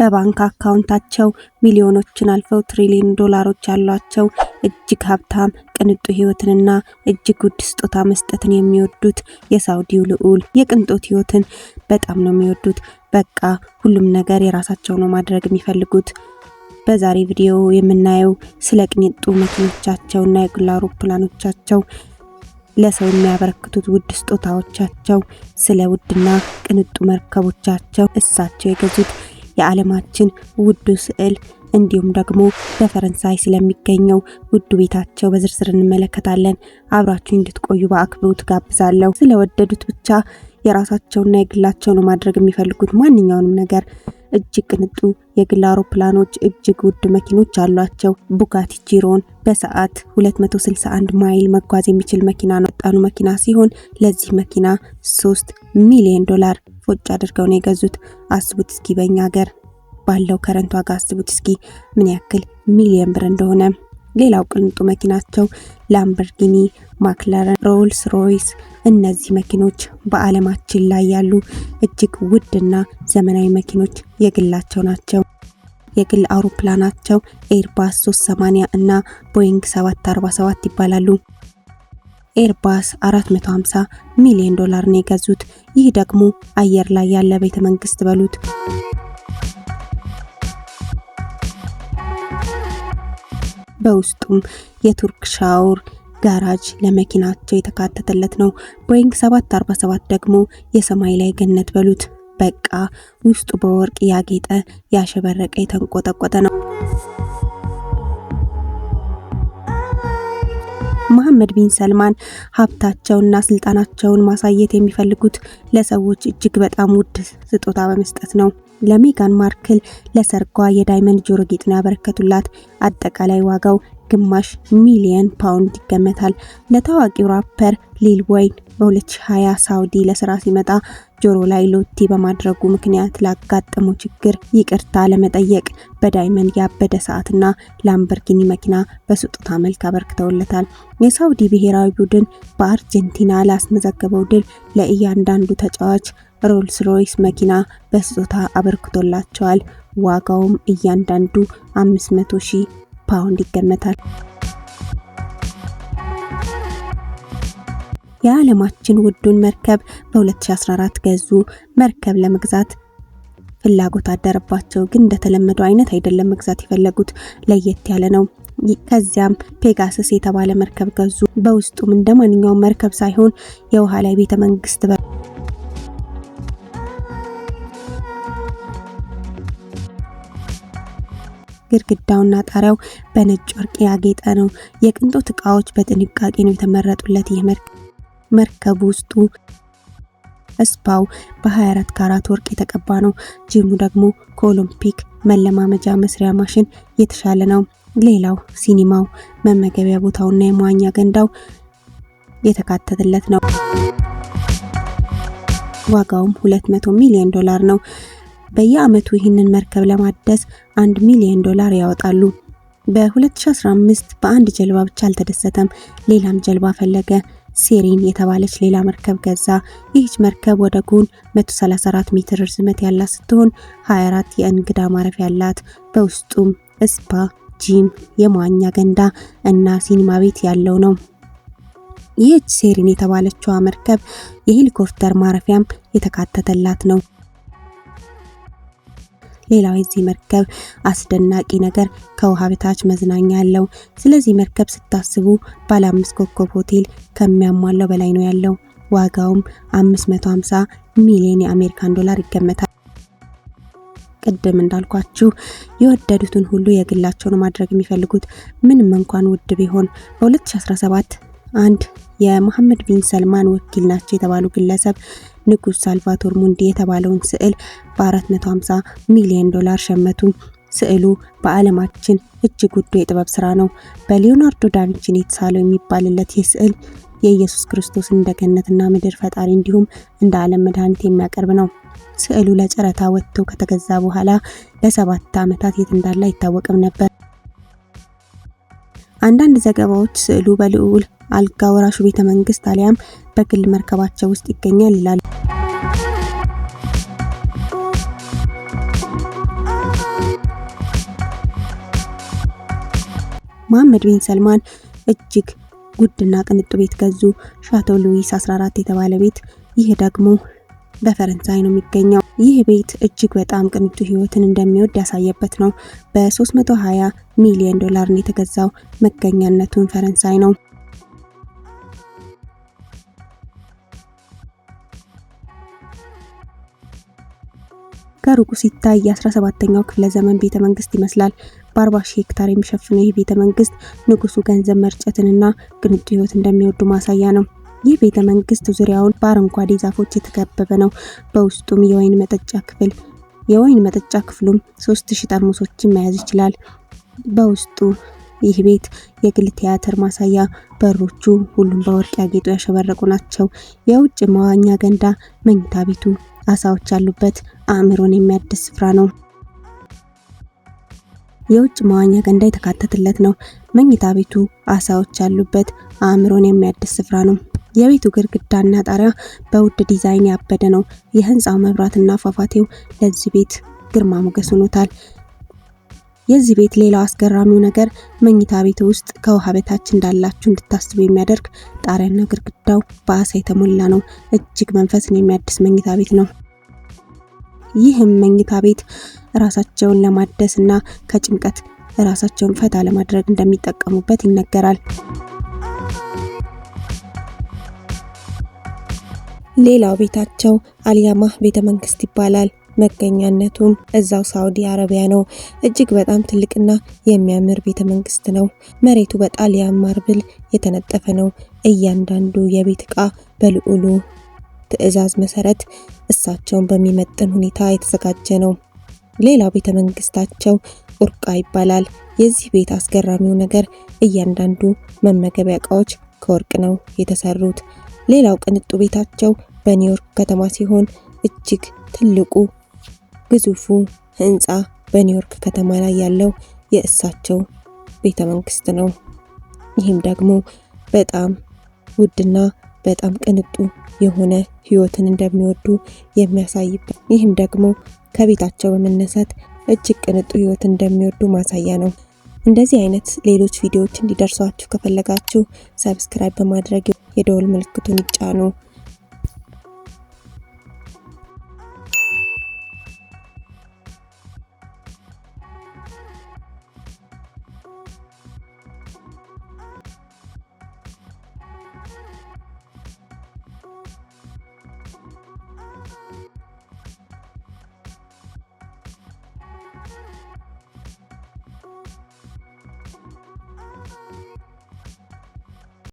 በባንክ አካውንታቸው ሚሊዮኖችን አልፈው ትሪሊዮን ዶላሮች ያሏቸው እጅግ ሀብታም ቅንጡ ህይወትንና እጅግ ውድ ስጦታ መስጠትን የሚወዱት የሳውዲው ልዑል የቅንጦት ህይወትን በጣም ነው የሚወዱት። በቃ ሁሉም ነገር የራሳቸው ነው ማድረግ የሚፈልጉት። በዛሬ ቪዲዮ የምናየው ስለ ቅንጡ መኪኖቻቸውና የግል አውሮፕላኖቻቸው ለሰው የሚያበረክቱት ውድ ስጦታዎቻቸው፣ ስለ ውድና ቅንጡ መርከቦቻቸው እሳቸው የገዙት የዓለማችን ውዱ ስዕል እንዲሁም ደግሞ በፈረንሳይ ስለሚገኘው ውዱ ቤታቸው በዝርዝር እንመለከታለን። አብራችሁ እንድትቆዩ በአክብሮት ጋብዛለሁ። ስለወደዱት ብቻ የራሳቸውና የግላቸው ነው ማድረግ የሚፈልጉት ማንኛውንም ነገር። እጅግ ቅንጡ የግል አውሮፕላኖች፣ እጅግ ውድ መኪኖች አሏቸው። ቡጋቲ ጂሮን በሰዓት 261 ማይል መጓዝ የሚችል መኪና ነው። ጣኑ መኪና ሲሆን ለዚህ መኪና 3 ሚሊዮን ዶላር ፎጭ አድርገው ነው የገዙት። አስቡት እስኪ በኛ ሀገር ባለው ከረንት ዋጋ አስቡት እስኪ ምን ያክል ሚሊየን ብር እንደሆነ። ሌላው ቅንጡ መኪናቸው ላምበርጊኒ፣ ማክላረን፣ ሮልስ ሮይስ። እነዚህ መኪኖች በዓለማችን ላይ ያሉ እጅግ ውድና ዘመናዊ መኪኖች የግላቸው ናቸው። የግል አውሮፕላናቸው ኤርባስ 380 እና ቦይንግ 747 ይባላሉ። ኤርባስ 450 ሚሊዮን ዶላር ነው የገዙት። ይህ ደግሞ አየር ላይ ያለ ቤተ መንግስት በሉት። በውስጡም የቱርክ ሻውር ጋራጅ ለመኪናቸው የተካተተለት ነው። ቦይንግ 747 ደግሞ የሰማይ ላይ ገነት በሉት። በቃ ውስጡ በወርቅ ያጌጠ ያሸበረቀ የተንቆጠቆጠ ነው። መሐመድ ቢን ሰልማን ሀብታቸውና ስልጣናቸውን ማሳየት የሚፈልጉት ለሰዎች እጅግ በጣም ውድ ስጦታ በመስጠት ነው። ለሜጋን ማርክል ለሰርጓ የዳይመንድ ጆሮ ጌጥን ያበረከቱላት። አጠቃላይ ዋጋው ግማሽ ሚሊየን ፓውንድ ይገመታል። ለታዋቂው ራፐር ሊል ወይን በ2020 ሳውዲ ለስራ ሲመጣ ጆሮ ላይ ሎቲ በማድረጉ ምክንያት ላጋጠመው ችግር ይቅርታ ለመጠየቅ በዳይመንድ ያበደ ሰዓትና ላምበርጊኒ መኪና በስጦታ መልክ አበርክተውለታል። የሳውዲ ብሔራዊ ቡድን በአርጀንቲና ላስመዘገበው ድል ለእያንዳንዱ ተጫዋች ሮልስ ሮይስ መኪና በስጦታ አበርክቶላቸዋል። ዋጋውም እያንዳንዱ 500 ሺህ ፓውንድ ይገመታል። የዓለማችን ውዱን መርከብ በ2014 ገዙ። መርከብ ለመግዛት ፍላጎት አደረባቸው፣ ግን እንደተለመደው አይነት አይደለም መግዛት የፈለጉት ለየት ያለ ነው። ከዚያም ፔጋሰስ የተባለ መርከብ ገዙ። በውስጡም እንደ ማንኛውም መርከብ ሳይሆን የውሃ ላይ ቤተ መንግስት ግድግዳውና ጣሪያው በነጭ ወርቅ ያጌጠ ነው። የቅንጦት እቃዎች በጥንቃቄ ነው የተመረጡለት። ይህ መርከብ ውስጡ እስፓው በ24 ካራት ወርቅ የተቀባ ነው። ጂሙ ደግሞ ከኦሎምፒክ መለማመጃ መስሪያ ማሽን የተሻለ ነው። ሌላው ሲኒማው፣ መመገቢያ ቦታውና የመዋኛ ገንዳው የተካተተለት ነው። ዋጋውም 200 ሚሊዮን ዶላር ነው። በየአመቱ ይህንን መርከብ ለማደስ አንድ ሚሊዮን ዶላር ያወጣሉ። በ2015 በአንድ ጀልባ ብቻ አልተደሰተም፣ ሌላም ጀልባ ፈለገ። ሴሪን የተባለች ሌላ መርከብ ገዛ። ይህች መርከብ ወደ ጎን 134 ሜትር ርዝመት ያላት ስትሆን 24 የእንግዳ ማረፊያ ያላት፣ በውስጡም ስፓ፣ ጂም፣ የመዋኛ ገንዳ እና ሲኒማ ቤት ያለው ነው። ይህች ሴሪን የተባለችዋ መርከብ የሄሊኮፕተር ማረፊያም የተካተተላት ነው። ሌላው የዚህ መርከብ አስደናቂ ነገር ከውሃ በታች መዝናኛ አለው። ስለዚህ መርከብ ስታስቡ ባለ አምስት ኮከብ ሆቴል ከሚያሟላው በላይ ነው ያለው። ዋጋውም 550 ሚሊዮን የአሜሪካን ዶላር ይገመታል። ቅድም እንዳልኳችሁ የወደዱትን ሁሉ የግላቸውን ማድረግ የሚፈልጉት ምንም እንኳን ውድ ቢሆን በ2017 አንድ የመሐመድ ቢን ሰልማን ወኪል ናቸው የተባሉ ግለሰብ ንጉስ ሳልቫቶር ሙንዲ የተባለውን ስዕል በ450 ሚሊዮን ዶላር ሸመቱ። ስዕሉ በዓለማችን እጅግ ውዱ የጥበብ ስራ ነው። በሊዮናርዶ ዳቪንቺን የተሳለው የሚባልለት ይህ ስዕል የኢየሱስ ክርስቶስ እንደ ገነትና ምድር ፈጣሪ እንዲሁም እንደ ዓለም መድኃኒት የሚያቀርብ ነው። ስዕሉ ለጨረታ ወጥቶ ከተገዛ በኋላ ለሰባት ዓመታት የት እንዳለ አይታወቅም ነበር። አንዳንድ ዘገባዎች ስዕሉ በልዑል አልጋ ወራሹ ቤተ መንግስት አሊያም በግል መርከባቸው ውስጥ ይገኛል ይላል። መሐመድ ቢን ሰልማን እጅግ ጉድና ቅንጡ ቤት ገዙ፣ ሻቶ ሉዊስ 14 የተባለ ቤት። ይህ ደግሞ በፈረንሳይ ነው የሚገኘው። ይህ ቤት እጅግ በጣም ቅንጡ ህይወትን እንደሚወድ ያሳየበት ነው። በ320 ሚሊዮን ዶላር ነው የተገዛው። መገኛነቱን ፈረንሳይ ነው። ከሩቁ ሲታይ የ17ኛው ክፍለ ዘመን ቤተ መንግስት ይመስላል። በ40 ሄክታር የሚሸፍነው ይህ ቤተ መንግስት ንጉሱ ገንዘብ መርጨትንና ቅንጡ ህይወት እንደሚወዱ ማሳያ ነው። ይህ ቤተ መንግስት ዙሪያውን በአረንጓዴ ዛፎች የተከበበ ነው። በውስጡም የወይን መጠጫ ክፍል የወይን መጠጫ ክፍሉም ሶስት ሺ ጠርሙሶችን መያዝ ይችላል። በውስጡ ይህ ቤት የግል ቲያትር ማሳያ፣ በሮቹ ሁሉም በወርቅ ያጌጡ ያሸበረቁ ናቸው። የውጭ መዋኛ ገንዳ፣ መኝታ ቤቱ አሳዎች ያሉበት አእምሮን የሚያድስ ስፍራ ነው። የውጭ መዋኛ ገንዳ የተካተተለት ነው። መኝታ ቤቱ አሳዎች ያሉበት አእምሮን የሚያድስ ስፍራ ነው። የቤቱ ግድግዳና ጣሪያ በውድ ዲዛይን ያበደ ነው። የህንፃው መብራትና ፏፏቴው ለዚህ ቤት ግርማ ሞገስ ሆኖታል። የዚህ ቤት ሌላው አስገራሚው ነገር መኝታ ቤት ውስጥ ከውሃ በታች እንዳላችሁ እንድታስቡ የሚያደርግ ጣሪያና ግድግዳው በአሳ የተሞላ ነው። እጅግ መንፈስን የሚያድስ መኝታ ቤት ነው። ይህም መኝታ ቤት ራሳቸውን ለማደስ እና ከጭንቀት ራሳቸውን ፈታ ለማድረግ እንደሚጠቀሙበት ይነገራል። ሌላው ቤታቸው አልያማ ቤተ መንግስት ይባላል። መገኛነቱም እዛው ሳውዲ አረቢያ ነው። እጅግ በጣም ትልቅና የሚያምር ቤተ መንግስት ነው። መሬቱ በጣሊያን ማርብል የተነጠፈ ነው። እያንዳንዱ የቤት ዕቃ በልዑሉ ትዕዛዝ መሰረት እሳቸውን በሚመጥን ሁኔታ የተዘጋጀ ነው። ሌላው ቤተ መንግስታቸው ቁርቃ ይባላል። የዚህ ቤት አስገራሚው ነገር እያንዳንዱ መመገቢያ ዕቃዎች ከወርቅ ነው የተሰሩት። ሌላው ቅንጡ ቤታቸው በኒውዮርክ ከተማ ሲሆን እጅግ ትልቁ ግዙፉ ህንፃ በኒውዮርክ ከተማ ላይ ያለው የእሳቸው ቤተ መንግስት ነው። ይህም ደግሞ በጣም ውድና በጣም ቅንጡ የሆነ ህይወትን እንደሚወዱ የሚያሳይበት ይህም ደግሞ ከቤታቸው በመነሳት እጅግ ቅንጡ ህይወት እንደሚወዱ ማሳያ ነው። እንደዚህ አይነት ሌሎች ቪዲዮዎች እንዲደርሷችሁ ከፈለጋችሁ ሰብስክራይብ በማድረግ የደወል ምልክቱን ይጫኑ።